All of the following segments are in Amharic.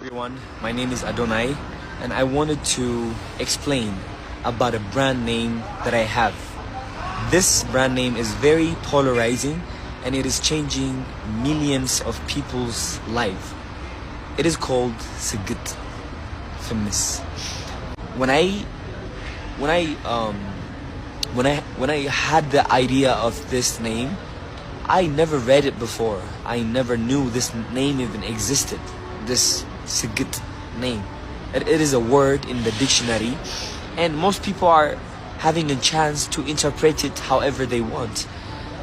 everyone. My name is Adonai, and I wanted to explain about a brand name that I have. This brand name is very polarizing and it is changing millions of people's life. It is called Sigit Femis. When I when I um when I when I had the idea of this name, I never read it before. I never knew this name even existed. This Sigit name. It, it is a word in the dictionary, and most people are having a chance to interpret it however they want.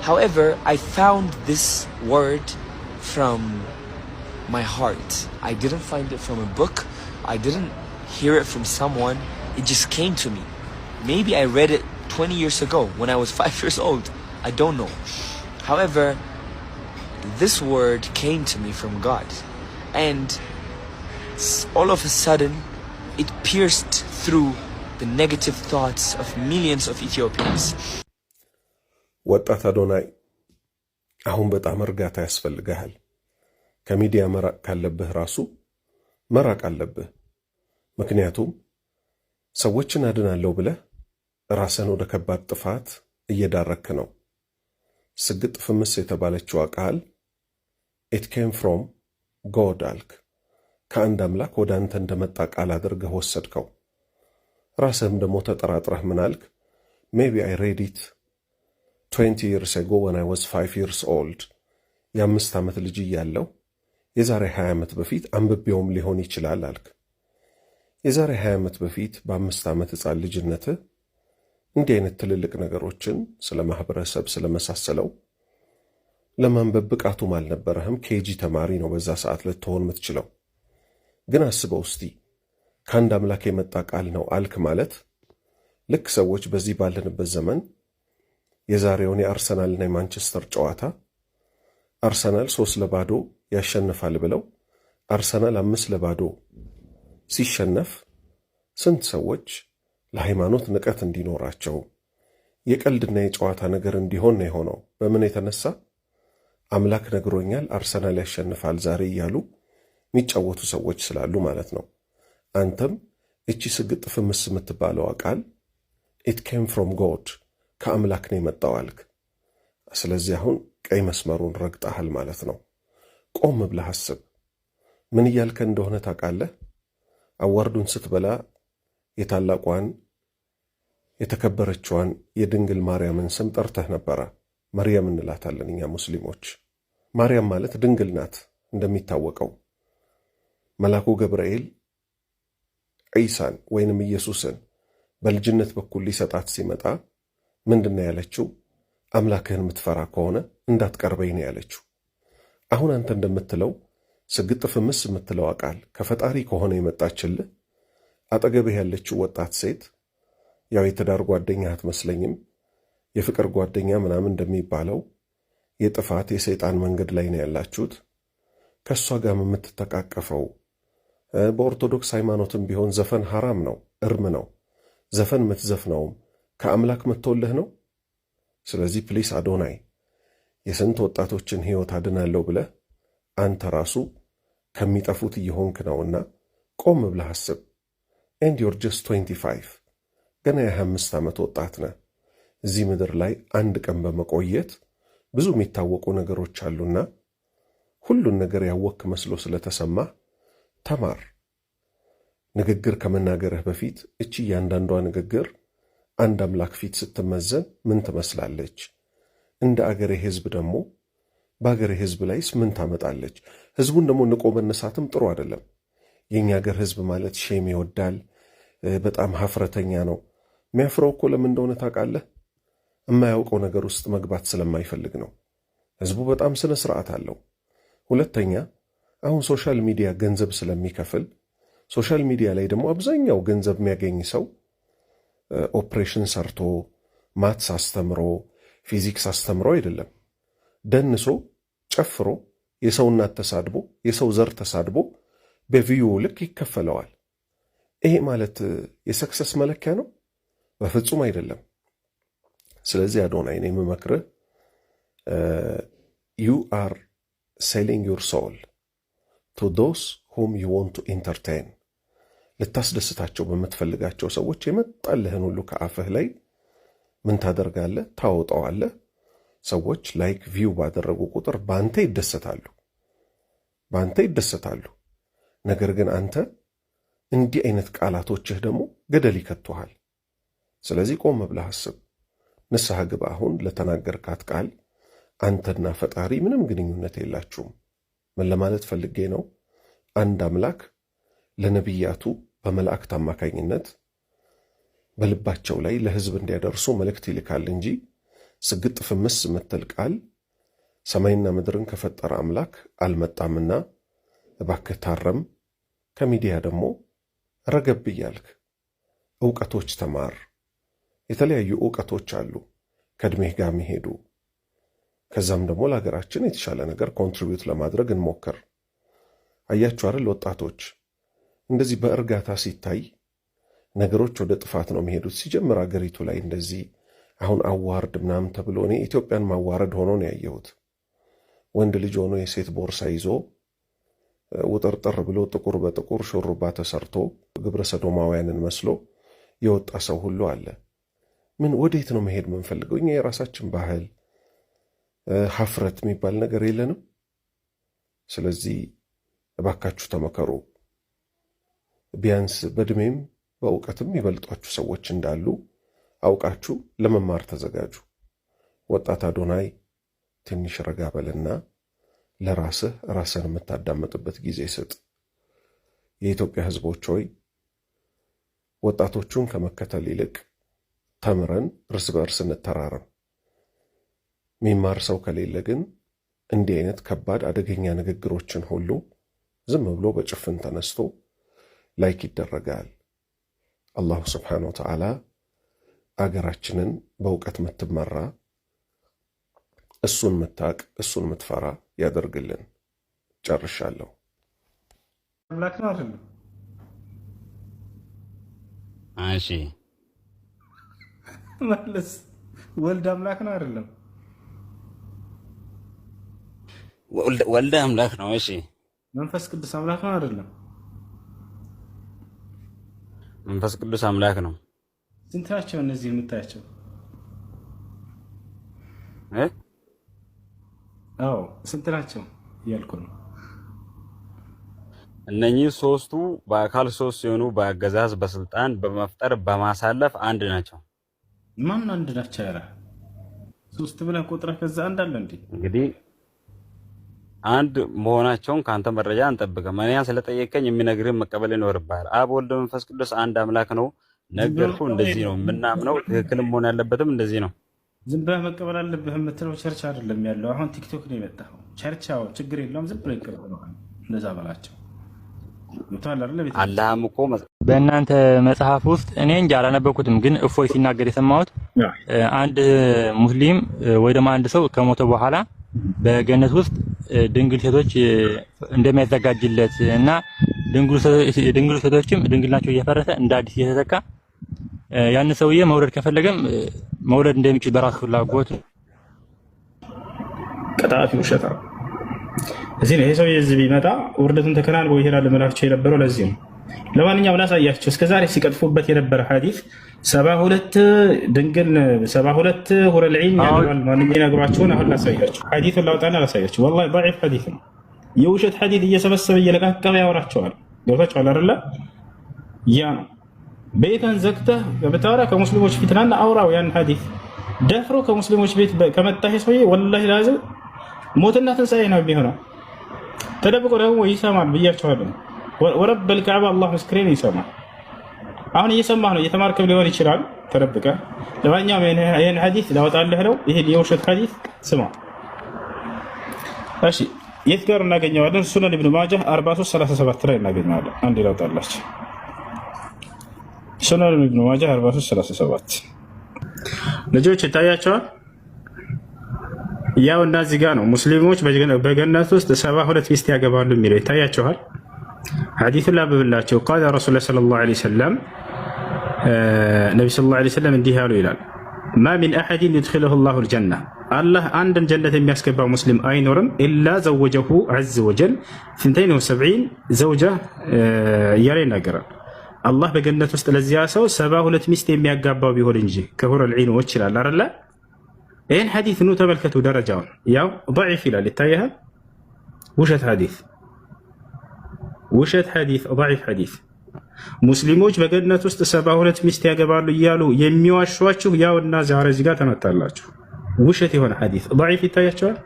However, I found this word from my heart. I didn't find it from a book. I didn't hear it from someone. It just came to me. Maybe I read it 20 years ago when I was 5 years old. I don't know. However, this word came to me from God. And all of a sudden, it pierced through the negative thoughts of millions of Ethiopians. ወጣት አዶናይ አሁን በጣም እርጋታ ያስፈልግሃል። ከሚዲያ መራቅ ካለብህ ራሱ መራቅ አለብህ። ምክንያቱም ሰዎችን አድናለሁ ብለህ ራስን ወደ ከባድ ጥፋት እየዳረክ ነው። ስግጥ ፍምስ የተባለችው ቃል ኢት ኬም ፍሮም ጎድ አልክ። ከአንድ አምላክ ወደ አንተ እንደመጣ ቃል አድርገህ ወሰድከው። ራስህም ደግሞ ተጠራጥረህ ምናልክ ሜቢ አይ ሬዲት ኢት ትዌንቲ ይርስ አጎ ወን አይ ወዝ ፋይቭ ይርስ ኦልድ፣ የአምስት ዓመት ልጅ እያለው የዛሬ 20 ዓመት በፊት አንብቤውም ሊሆን ይችላል አልክ። የዛሬ 20 ዓመት በፊት በአምስት ዓመት ሕፃን ልጅነትህ እንዲህ አይነት ትልልቅ ነገሮችን ስለ ማኅበረሰብ ስለመሳሰለው ለማንበብ ብቃቱም አልነበረህም። ኬጂ ተማሪ ነው በዛ ሰዓት ልትሆን የምትችለው። ግን አስበው እስቲ ከአንድ አምላክ የመጣ ቃል ነው አልክ ማለት ልክ ሰዎች በዚህ ባለንበት ዘመን የዛሬውን የአርሰናልና የማንቸስተር ጨዋታ አርሰናል ሶስት ለባዶ ያሸንፋል ብለው አርሰናል አምስት ለባዶ ሲሸነፍ ስንት ሰዎች ለሃይማኖት ንቀት እንዲኖራቸው የቀልድና የጨዋታ ነገር እንዲሆን ነው የሆነው። በምን የተነሳ አምላክ ነግሮኛል አርሰናል ያሸንፋል ዛሬ እያሉ የሚጫወቱ ሰዎች ስላሉ ማለት ነው። አንተም እቺ ስግጥ ፍምስ የምትባለዋ ቃል ኢት ኬም ፍሮም ጎድ ከአምላክ ነው የመጣው አልክ። ስለዚህ አሁን ቀይ መስመሩን ረግጠሃል ማለት ነው። ቆም ብለህ አስብ። ምን እያልከ እንደሆነ ታውቃለህ? አዋርዱን ስትበላ የታላቋን የተከበረችዋን የድንግል ማርያምን ስም ጠርተህ ነበረ። ማርያም እንላታለን እኛ ሙስሊሞች። ማርያም ማለት ድንግል ናት እንደሚታወቀው መልአኩ ገብርኤል ዒሳን ወይንም ኢየሱስን በልጅነት በኩል ሊሰጣት ሲመጣ ምንድን ያለችው? አምላክህን የምትፈራ ከሆነ እንዳትቀርበኝ ነው ያለችው። አሁን አንተ እንደምትለው ስግጥ ፍምስ የምትለዋ ቃል ከፈጣሪ ከሆነ የመጣችልህ አጠገብህ ያለችው ወጣት ሴት ያው የትዳር ጓደኛ አትመስለኝም። የፍቅር ጓደኛ ምናምን እንደሚባለው የጥፋት የሰይጣን መንገድ ላይ ነው ያላችሁት። ከእሷ ጋር የምትተቃቀፈው በኦርቶዶክስ ሃይማኖትም ቢሆን ዘፈን ሐራም ነው፣ እርም ነው። ዘፈን የምትዘፍነውም ከአምላክ መጥቶልህ ነው። ስለዚህ ፕሊስ አዶናይ የስንት ወጣቶችን ሕይወት አድናለሁ ብለህ አንተ ራሱ ከሚጠፉት እየሆንክ ነውና ቆም ብለህ አስብ። ኤንድ ዮር ጀስት 25 ገና የ25 ዓመት ወጣት ነህ። እዚህ ምድር ላይ አንድ ቀን በመቆየት ብዙ የሚታወቁ ነገሮች አሉና ሁሉን ነገር ያወክ መስሎ ስለተሰማህ ተማር። ንግግር ከመናገርህ በፊት እቺ እያንዳንዷ ንግግር አንድ አምላክ ፊት ስትመዘን ምን ትመስላለች? እንደ አገሬ ሕዝብ ደግሞ በአገሬ ሕዝብ ላይስ ምን ታመጣለች? ሕዝቡን ደግሞ ንቆ መነሳትም ጥሩ አይደለም። የእኛ አገር ሕዝብ ማለት ሼም ይወዳል። በጣም ሀፍረተኛ ነው። የሚያፍረው እኮ ለምን እንደሆነ ታውቃለህ? የማያውቀው ነገር ውስጥ መግባት ስለማይፈልግ ነው። ሕዝቡ በጣም ስነ ስርዓት አለው። ሁለተኛ አሁን ሶሻል ሚዲያ ገንዘብ ስለሚከፍል ሶሻል ሚዲያ ላይ ደግሞ አብዛኛው ገንዘብ የሚያገኝ ሰው ኦፕሬሽን ሰርቶ ማትስ አስተምሮ ፊዚክስ አስተምሮ አይደለም፣ ደንሶ ጨፍሮ የሰው እናት ተሳድቦ የሰው ዘር ተሳድቦ በቪዩ ልክ ይከፈለዋል። ይሄ ማለት የሰክሰስ መለኪያ ነው? በፍጹም አይደለም። ስለዚህ አዶናይ ነው የምመክርህ ዩ አር ሴሊንግ ዩር ሶል ቱ ዶስ ሁም ዩ ወንት ቱ ኢንተርቴን ልታስደስታቸው በምትፈልጋቸው ሰዎች የመጣልህን ሁሉ ከአፍህ ላይ ምን ታደርጋለህ? ታወጣዋለህ። ሰዎች ላይክ ቪው ባደረጉ ቁጥር በአንተ ይደሰታሉ፣ በአንተ ይደሰታሉ። ነገር ግን አንተ እንዲህ አይነት ቃላቶችህ ደግሞ ገደል ይከቱሃል። ስለዚህ ቆም ብለህ አስብ፣ ንስሐ ግባ። አሁን ለተናገርካት ቃል አንተና ፈጣሪ ምንም ግንኙነት የላችሁም። ምን ለማለት ፈልጌ ነው? አንድ አምላክ ለነቢያቱ በመላእክት አማካኝነት በልባቸው ላይ ለህዝብ እንዲያደርሱ መልእክት ይልካል እንጂ ስግጥ ፍምስ የምትል ቃል ሰማይና ምድርን ከፈጠረ አምላክ አልመጣምና እባክህ ታረም፣ ከሚዲያ ደግሞ ረገብ እያልክ እውቀቶች ተማር። የተለያዩ እውቀቶች አሉ ከእድሜህ ጋር የሚሄዱ ከዛም ደግሞ ለሀገራችን የተሻለ ነገር ኮንትሪቢዩት ለማድረግ እንሞክር። አያችሁ አይደል ወጣቶች፣ እንደዚህ በእርጋታ ሲታይ ነገሮች ወደ ጥፋት ነው የሚሄዱት። ሲጀምር አገሪቱ ላይ እንደዚህ አሁን አዋርድ ምናምን ተብሎ እኔ ኢትዮጵያን ማዋረድ ሆኖ ነው ያየሁት። ወንድ ልጅ ሆኖ የሴት ቦርሳ ይዞ ውጥርጥር ብሎ ጥቁር በጥቁር ሹሩባ ተሰርቶ ግብረ ሰዶማውያንን መስሎ የወጣ ሰው ሁሉ አለ። ምን ወዴት ነው መሄድ የምንፈልገው? እኛ የራሳችን ባህል ሀፍረት የሚባል ነገር የለንም። ስለዚህ እባካችሁ ተመከሩ። ቢያንስ በእድሜም በእውቀትም ይበልጧችሁ ሰዎች እንዳሉ አውቃችሁ ለመማር ተዘጋጁ። ወጣት አዶናይ ትንሽ ረጋ በልና ለራስህ ራስን የምታዳምጥበት ጊዜ ስጥ። የኢትዮጵያ ሕዝቦች ሆይ ወጣቶቹን ከመከተል ይልቅ ተምረን እርስ በእርስ እንተራረም። የሚማር ሰው ከሌለ ግን እንዲህ አይነት ከባድ አደገኛ ንግግሮችን ሁሉ ዝም ብሎ በጭፍን ተነስቶ ላይክ ይደረጋል። አላሁ ስብሓነ ወተዓላ አገራችንን በእውቀት የምትመራ እሱን የምታቅ እሱን የምትፈራ ያደርግልን። ጨርሻለሁ። አምላክ ነው አይደለም? እሺ ወልድ አምላክ ነው አይደለም? ወልደ አምላክ ነው። እሺ መንፈስ ቅዱስ አምላክ ነው አይደለም? መንፈስ ቅዱስ አምላክ ነው። ስንት ናቸው እነዚህ የምታያቸው? አዎ ስንት ናቸው እያልኩ ነው። እነኚህ ሶስቱ በአካል ሶስት ሲሆኑ በአገዛዝ፣ በስልጣን፣ በመፍጠር፣ በማሳለፍ አንድ ናቸው። ማን አንድ ናቸው ያለ ሶስት ብለህ ቁጥረህ ከዛ አንድ አለ እንዴ? እንግዲህ አንድ መሆናቸውን ከአንተ መረጃ አንጠብቅም። እኔ ስለጠየቀኝ የሚነግርህን መቀበል ይኖርብሃል። አብ ወልድ መንፈስ ቅዱስ አንድ አምላክ ነው። ነገርኩ። እንደዚህ ነው የምናምነው። ትክክልም መሆን ያለበትም እንደዚህ ነው። ዝም ብለህ መቀበል አለብህ የምትለው ቸርች አይደለም ያለው። አሁን ቲክቶክ ነው የመጣው። ቸርች ችግር የለውም፣ ዝም ብለው ይቀበለዋል። እንደዛ በላቸው። አላህም እኮ በእናንተ መጽሐፍ ውስጥ እኔ እንጂ አላነበብኩትም፣ ግን እፎይ ሲናገር የሰማሁት አንድ ሙስሊም ወይ ደግሞ አንድ ሰው ከሞተ በኋላ በገነት ውስጥ ድንግል ሴቶች እንደሚያዘጋጅለት እና ድንግል ሴቶችም ድንግልናቸው እየፈረሰ እንደ አዲስ እየተተካ ያን ሰውዬ መውለድ ከፈለገም መውለድ እንደሚችል በራሱ ፍላጎት ቀጣፊ ውሸታ። እዚህ ነው ይሄ ሰውዬ እዚህ ቢመጣ ውርደቱን ተከናንቦ ይሄዳል። መላክቸው የነበረው ለዚህ ነው። ለማንኛውም ላሳያቸው እስከዛሬ ሲቀጥፉበት የነበረ ሐዲስ ሰባ ሁለት ድንግል ሰባ ሁለት ሁረልዒን ይነግሯቸውን አሁን ላሳያቸው። ሐዲሱን ላውጣና ላሳያቸው። ወላሂ ضعيف ሐዲስ ነው። የውሸት ሀዲት እየሰበሰበ እየለቃቀመ ያወራቸዋል። ገብታችኋል አይደለ? ያ ነው ቤተን ዘግተህ በምታወራ ከሙስሊሞች ፊት ናና አውራው ያን ሐዲስ ደፍሮ ከሙስሊሞች ቤት ከመጣ ሰውዬ ወላሂ ላዝ ሞትና ትንሣኤ ነው የሚሆነው። ተደብቆ ደግሞ ይሰማል ብያቸዋለሁ። ወረብ ልካዕባ አላሁ ምስክሬን ይሰማል። አሁን እየሰማህ ነው፣ እየተማርክም ሊሆን ይችላል ተደብቀ። ለማንኛውም ይህን ሐዲስ ላወጣልህ ነው። ይህን የውሸት ሐዲስ ስማ። እሺ፣ የት ጋር እናገኘዋለን? ሱነን ኢብኑ ማጃህ 4337 ላይ እናገኘዋለን። አንድ ላውጣላችሁ። ሱነን ኢብኑ ማጃህ 4337 ልጆች ይታያቸዋል። ያው እናዚህ ጋር ነው ሙስሊሞች በገነት ውስጥ ሰባ ሁለት ሚስት ያገባሉ የሚለው ይታያቸዋል። ሐዲሱን ላብብላቸው ቃለ ረሱል ሰለላሁ ዐለይሂ ወሰለም ነቢ ሰለላሁ ዐለይሂ ወሰለም እንዲህ ያሉ ይላል ማ ሚን አሐድን ዩድኪለሁ ላሁ ልጀና አላህ አንድን ጀነት የሚያስገባ ሙስሊም አይኖርም ኢላ ዘወጀሁ ዐዘ ወጀል ስንተይን ሰብዒን ዘውጃ እያለ ይናገራል። አላህ በገነት ውስጥ ለዚያ ሰው ሰባ ሁለት ሚስት የሚያጋባው ቢሆን እንጂ ከሁረል ዒኖች ይላል አለ። ይህን ሐዲስ ኑ ተመልከቱ፣ ደረጃውን ያው ضዒፍ ይላል ይታያል፣ ውሸት ሐዲስ ውሸት ሐዲስ ضعيف ሐዲስ ሙስሊሞች በገነት ውስጥ ሰባ ሁለት ሚስት ያገባሉ እያሉ የሚዋሿችሁ ያውና ዛሬ እዚህ ጋር ተመጣላችሁ። ውሸት የሆነ ሐዲስ ፍ ይታያቸዋል።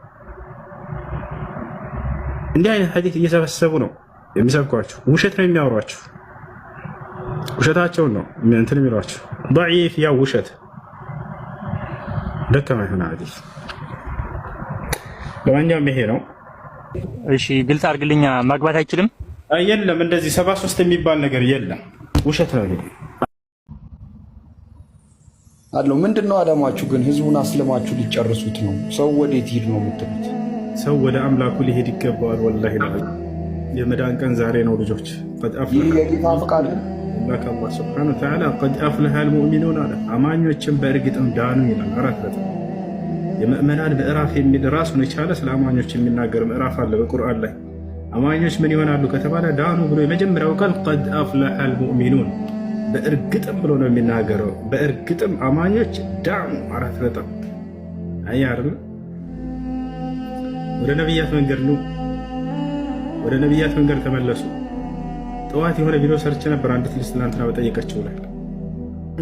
እንዲህ አይነት ሐዲስ እየሰበሰቡ ነው የሚሰብኳችሁ። ውሸት ነው የሚያወሯችሁ። ውሸታቸውን ነው እንትን የሚሏችሁ። ضعيف ያው ውሸት ደካማ የሆነ ሐዲስ። ለማንኛውም ይሄ ነው። እሺ ግልጽ አድርግልኛ ማግባት አይችልም የለም እንደዚህ ሰባ ሶስት የሚባል ነገር የለም። ውሸት ነው አለው። ምንድን ነው አላማችሁ ግን? ህዝቡን አስልማችሁ ሊጨርሱት ነው። ሰው ወዴት ሄድ ነው የምትሉት? ሰው ወደ አምላኩ ሊሄድ ይገባዋል። ወላሂ የመዳን ቀን ዛሬ ነው ልጆች። ይህ የጌታ ፈቃድ አምላክ አላህ ሱብሓነሁ ወተዓላ ቀድ አፍለሃል ሙእሚኑን አለ። አማኞችም በእርግጥም ዳኑ ይላል። አራት ለት የምእመናን ምዕራፍ የሚል ራሱን የቻለ ስለ አማኞች የሚናገር ምዕራፍ አለ በቁርአን ላይ አማኞች ምን ይሆናሉ ከተባለ ዳኑ ብሎ የመጀመሪያው ቃል ቀድ አፍለሐል ሙእሚኑን በእርግጥም ብሎ ነው የሚናገረው። በእርግጥም አማኞች ዳኑ አራት በጣም አያ አይደለ ወደ ነቢያት መንገድ ነው። ወደ ነቢያት መንገድ ተመለሱ። ጠዋት የሆነ ቪዲዮ ሰርች ነበር። አንዲት ልጅ ትናንትና በጠየቀችው ላይ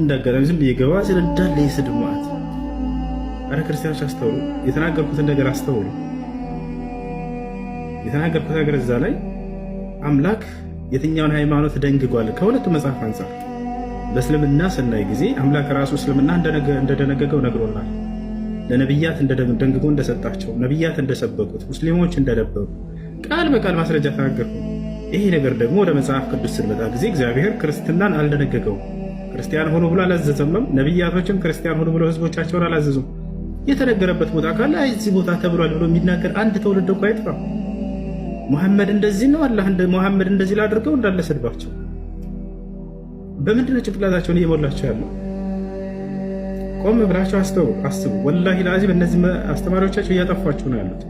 እንዳጋጣሚ ዝም ብዬ ገባ ስለ እንዳለ የስድማት አረ ክርስቲያኖች አስተውሉ፣ የተናገርኩትን ነገር አስተውሉ። የተናገርኩት ነገር እዛ ላይ አምላክ የትኛውን ሃይማኖት ደንግጓል? ከሁለቱ መጽሐፍ አንጻር በእስልምና ስናይ ጊዜ አምላክ ራሱ እስልምና እንደደነገገው ነግሮናል። ለነቢያት ደንግጎ እንደሰጣቸው ነቢያት እንደሰበኩት ሙስሊሞች እንደነበሩ ቃል በቃል ማስረጃ ተናገርኩ። ይሄ ነገር ደግሞ ወደ መጽሐፍ ቅዱስ ስንመጣ ጊዜ እግዚአብሔር ክርስትናን አልደነገገውም። ክርስቲያን ሆኖ ብሎ አላዘዘምም። ነቢያቶችም ክርስቲያን ሆኖ ብሎ ህዝቦቻቸውን አላዘዙም። የተነገረበት ቦታ ካለ እዚህ ቦታ ተብሏል ብሎ የሚናገር አንድ ትውልድ እኮ አይጥፋም። ሙሐመድ እንደዚህ ነው አላህ ሙሐመድ እንደዚህ ላድርገው እንዳለ ሰድባቸው። በምንድነው ጭንቅላታቸውን እየሞላቸው ያለው? ቆም ብላቸው አስቡ። ወላሂ ለአዚም እነዚህ አስተማሪዎቻቸው እያጠፏችሁ ነው ያሉት፣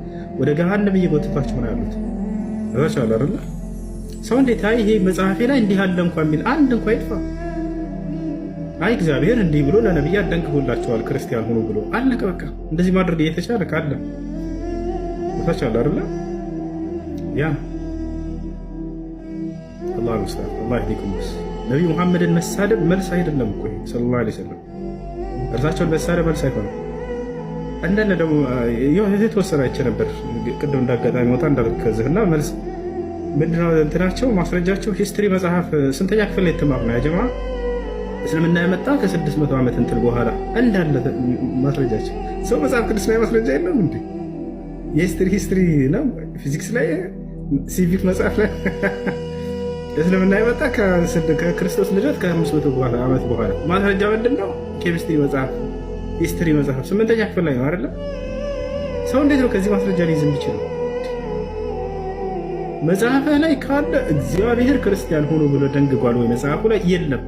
ወደ ገሃነም እየጎተታቸው ነው ያሉት። ረቻል አለ ሰው እንዴት አይ ይሄ መጽሐፌ ላይ እንዲህ አለ እንኳ የሚል አንድ እንኳ ይጥፋ። አይ እግዚአብሔር እንዲህ ብሎ ለነቢይ አደንግቦላቸዋል ክርስቲያን ሆኖ ብሎ አለቀ። በቃ እንደዚህ ማድረግ እየተቻለ ካለ ረቻል አለ ያ አላህ ይመስላል አላህ ይህዲኩም። ነቢ ሙሐመድን መሳደብ መልስ አይደለም እኮ ሰለላሁ ዐለይሂ ወሰለም እርሳቸውን መሳደብ መልስ አይሆንም። እንዳለ ደግሞ የተወሰነ አይቼ ነበር ቅድም እንዳጋጣሚ ወጣ እንዳልክ እና መልስ ምንድነው እንትናቸው ማስረጃቸው ሂስትሪ መጽሐፍ ስንተኛ ክፍል የተማር ነው ያጀማ እስልምና የመጣ ከ600 ዓመት እንትን በኋላ እንዳለ ማስረጃቸው ሰው መጽሐፍ ቅዱስ ላይ ማስረጃ የለም እንዴ? የሂስትሪ ሂስትሪ ነው ፊዚክስ ላይ ሲቪክ መጽሐፍ ላይ እስልምና የመጣ ከክርስቶስ ልደት ከአምስት መቶ በኋላ ዓመት በኋላ ማስረጃ ምንድን ነው? ኬሚስትሪ መጽሐፍ፣ ሂስትሪ መጽሐፍ ስምንተኛ ክፍል ላይ ነው አይደለ? ሰው እንዴት ነው ከዚህ ማስረጃ ሊይዝ የሚችለው? መጽሐፍህ ላይ ካለ እግዚአብሔር ክርስቲያን ሆኖ ብሎ ደንግጓል ወይ? መጽሐፉ ላይ የለም።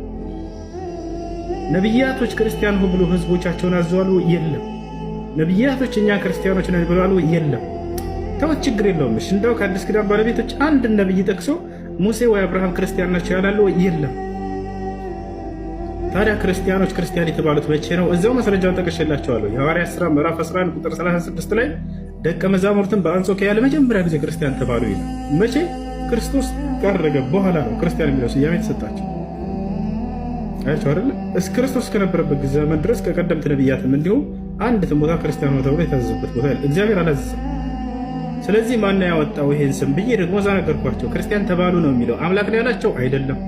ነቢያቶች ክርስቲያን ሆኖ ብሎ ህዝቦቻቸውን አዘዋል ወይ? የለም። ነቢያቶች እኛ ክርስቲያኖች ነን ብለዋል ወይ? የለም። ተወት፣ ችግር የለውም። እሺ እንደው ከአዲስ ኪዳን ባለቤቶች አንድ ነብይ ጠቅሶ ሙሴ ወይ አብርሃም ክርስቲያን ናቸው ያላሉ የለም። ታዲያ ክርስቲያኖች ክርስቲያን የተባሉት መቼ ነው? እዚያው ማስረጃውን ጠቅሼላቸዋለሁ። የሐዋርያት ሥራ ምዕራፍ 11 ቁጥር 36 ላይ ደቀ መዛሙርትን በአንጾኪያ ለመጀመሪያ ጊዜ ክርስቲያን ተባሉ ይላል። መቼ? ክርስቶስ ካረገ በኋላ ነው ክርስቲያን የሚለው ስያሜ የተሰጣቸው። አያቸው አይደለ? እስከ ክርስቶስ ከነበረበት ዘመን ድረስ ከቀደምት ነቢያትም እንዲሁም አንድ ቦታ ክርስቲያን ነው ተብሎ የታዘዘበት ቦታ እግዚአብሔር አላዘዘም። ስለዚህ ማነው ያወጣው ይሄን ስም ብዬ ደግሞ እዛ ነገርኳቸው። ክርስቲያን ተባሉ ነው የሚለው አምላክ ነው ያላቸው አይደለም፣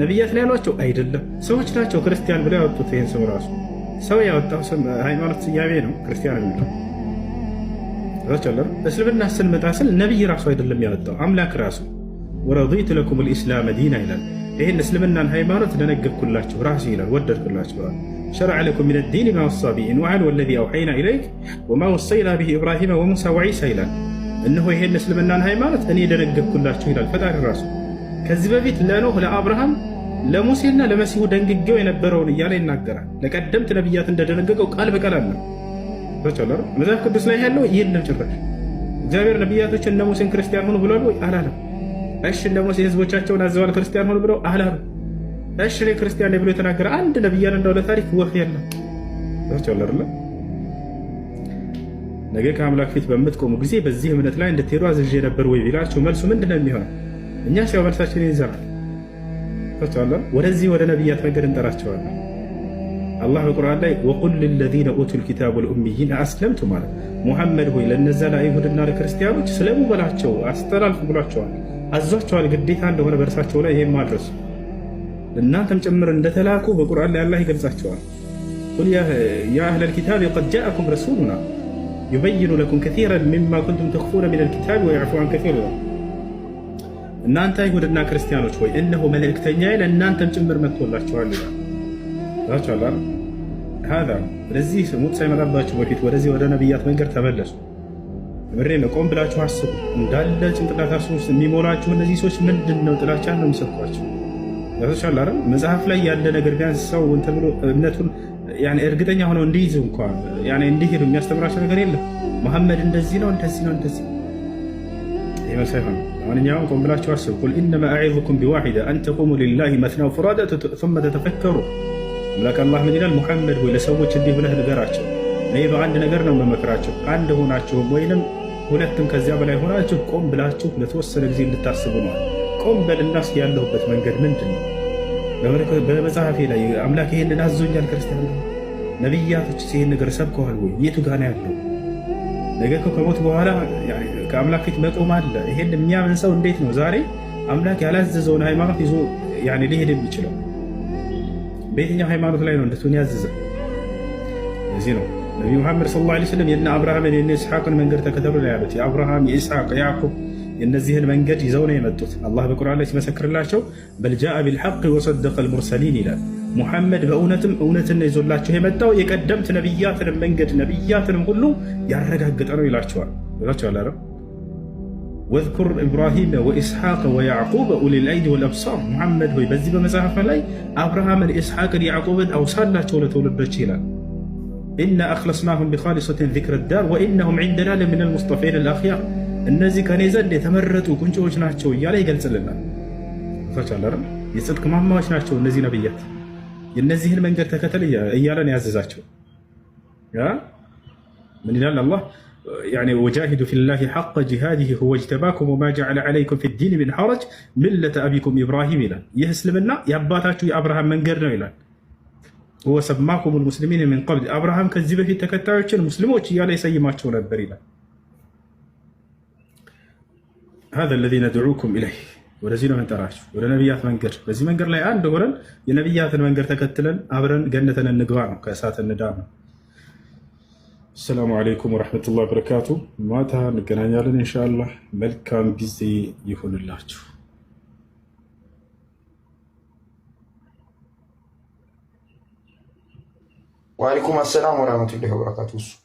ነቢያት ነው ያሏቸው አይደለም፣ ሰዎች ናቸው ክርስቲያን ብለው ያወጡት። ይሄን ስም ራሱ ሰው ያወጣው ስም ሃይማኖት ስያሜ ነው ክርስቲያን የሚለው እስልምና ስንመጣ ስል ነቢይ ራሱ አይደለም ያወጣው አምላክ ራሱ ወረዲቱ ለኩም ልኢስላም ዲና ይላል። ይህን እስልምናን ሃይማኖት ደነገግኩላችሁ ራሱ ይላል ወደድኩላችሁ شرع لكم من الدين ما وصى به نوحا والذي አውሐይና ኢለይክ ወማ ወሰይና ብሂ ኢብራሂመ ወሙሳ ወዒሳ ይላል። እነሆ ይሄን እስልምናን ሃይማኖት እኔ ደነገግኩላችሁ ይላል ፈጣሪ ራሱ። ከዚህ በፊት ለኖህ ለአብርሃም ለሙሴና ለመሲሁ ደንግጌው የነበረውን እያለ ይናገራል። ለቀደምት ነቢያት እንደደነገገው ቃል በቃል አለ። መጽሐፍ ቅዱስ ላይ ያለው ይህንን ጭራሽ እግዚአብሔር ነቢያቶች እነ ክርስቲያን ሆኑ ብሏል ወይ አላለም? እሺ እነ ህዝቦቻቸውን አዘዋል ክርስቲያን ሆኑ ብለው አላሉ እሺ እኔ ክርስቲያን ብሎ የተናገረ አንድ ነብያን እንዳው ለታሪክ ወፍ የለም ነገ ከአምላክ ፊት በምትቆሙ ጊዜ በዚህ እምነት ላይ እንድትሄዱ አዝዤ ነበር ወይ ቢላችሁ መልሱ ምንድን ነው የሚሆነው? እኛ ሲያው መልሳችን ይዘናል። ወደዚህ ወደ ነቢያት መንገድ እንጠራቸዋለን። አላህ በቁርአን ላይ ወቁል ልለዚነ ኡቱል ኪታብ ልኡሚይን አስለምቱ ማለት ሙሐመድ ሆይ ለነዛ ለአይሁድና ለክርስቲያኖች ስለሙ በላቸው አስተላልፍ ብሏቸዋል፣ አዟቸዋል። ግዴታ እንደሆነ በእርሳቸው ላይ ይህም አድረሱ እናንተም ጭምር እንደተላኩ በቁርአን ላይ አላህ ይገልጻቸዋል። ቁል ያ አህለል ኪታብ ቀድ ጃአኩም ረሱሉና ዩበይኑ ለኩም ከሲረን ሚማ ኩንቱም ተኽፉነ ሚነል ኪታብ ወየዕፉ አን ከሲር እናንተ አይሁድና ክርስቲያኖች ሆይ እነሆ መልእክተኛዬ ለእናንተም ጭምር መጥቶላችኋል ይላል። ዛቻላ ሀዛ ስለዚህ ሳይመጣባችሁ በፊት ወደዚህ ወደ ነቢያት መንገድ ተመለሱ። ምሬ ቆም ብላችሁ አስቡ። እንዳለ ጭንቅላታችሁ ውስጥ የሚሞላችሁ እነዚህ ሰዎች ምንድን ነው ጥላቻን ነው የሚሰጥኳቸው ያቶቻል አይደል መጽሐፍ ላይ ያለ ነገር ቢያንስ ሰው እንትን ብሎ እምነቱን ያኔ እርግጠኛ ሆነው እንዲይዙ እንኳ እንዲሄዱ የሚያስተምራቸው ነገር የለም። መሐመድ እንደዚህ ነው እንደዚህ ነው እንደዚህ ይመሳ ይሆነ ማንኛውም ቆም ብላችሁ አስቡ። ቁል ኢነማ አዒዙኩም ቢዋሒዳ አን ተቁሙ ሊላሂ መስና ፍራዳ ሱመ ተተፈከሩ። አምላክ አላህ ምን ይላል? ሙሐመድ ወይ ለሰዎች እንዲህ ብለህ ንገራቸው፣ እኔ በአንድ ነገር ነው መመክራቸው። አንድ ሆናችሁም ወይንም ሁለትም ከዚያ በላይ ሆናችሁ ቆም ብላችሁ ለተወሰነ ጊዜ እንድታስቡ ነው። ቆም በልናስ ያለሁበት መንገድ ምንድን ነው በመጽሐፌ ላይ አምላክ ይሄንን አዞኛል። ክርስቲያን ነቢያቶች ይህን ነገር ሰብከዋል ወይ? የቱ ጋር ያለው ነገ ከሞት በኋላ ከአምላክ ፊት መቆም አለ። ይሄን የሚያምን ሰው እንዴት ነው ዛሬ አምላክ ያላዘዘውን ሃይማኖት ይዞ ሊሄድ የሚችለው? በየትኛው ሃይማኖት ላይ ነው እንደቱን ያዘዘ? እዚህ ነው ነቢ ሙሐመድ ሰለላሁ ዓለይሂ ወሰለም የነ አብርሃምን የነ ኢስሐቅን መንገድ ተከተሉ ነው ያሉት። የአብርሃም የኢስሐቅ የያዕቁብ የእነዚህን መንገድ ይዘው ነው የመጡት። አላህ በቁርአን ላይ ሲመሰክርላቸው በልጃአ ቢልሐቅ ወሰደቀል ሙርሰሊን ይላል። ሙሐመድ በእውነትም እውነትን ይዞላቸው የመጣው የቀደምት ነቢያትንም መንገድ ነቢያትንም ሁሉ ያረጋገጠ ነው ይላቸዋል ይላቸዋል አረ ወዝኩር ኢብራሂም ወኢስሐቅ ወያዕቁብ ኡሊል አይዲ ወልአብሳር ሙሐመድ ሆይ በዚህ በመጽሐፍ ላይ አብርሃምን ኢስሐቅን ያዕቁብን አውሳላቸው ለትውልዶች ይላል ኢና አክለስናሁም ቢኻሊሰትን ዚክር ዳር ወኢነሁም ዒንደና ለሚነል ሙስጠፊን አልአኽያር እነዚህ ከእኔ ዘንድ የተመረጡ ቁንጮዎች ናቸው እያለ ይገልጽልናል። ታቻለር የጽድቅ ማማዎች ናቸው እነዚህ ነብያት፣ የእነዚህን መንገድ ተከተል እያለን ያዘዛቸው። ምን ይላል አላህ ወጃሂዱ ፊላሂ ሐቀ ጂሃዲሂ ሁወ እጅተባኩም ወማ ጀዐለ ዐለይኩም ፊዲን ሚን ሐረጅ ሚለተ አቢኩም ኢብራሂም ይላል። ይህ እስልምና የአባታችሁ የአብርሃም መንገድ ነው ይላል። ሁወ ሰማኩሙል ሙስሊሚን ሚን ቀብል አብርሃም ከዚህ በፊት ተከታዮችን ሙስሊሞች እያለ ይሰይማቸው ነበር ይላል። ሀዛ ለዚ ነድዑኩም ኢለይህ ወደዚህ ነው የምንጠራችሁ፣ ወደ ነቢያት መንገድ። በዚህ መንገድ ላይ አንድ ሆነን የነቢያትን መንገድ ተከትለን አብረን ገነተን እንግባ ነው፣ ከእሳት እንዳን ነው። አሰላሙ አለይኩም ወረሕመቱላሂ በረካቱ። ማታ እንገናኛለን እንሻላ መልካም ጊዜ ይሁንላችሁ። ወአለይኩም አሰላም ወረሕመቱላሂ ወበረካቱ።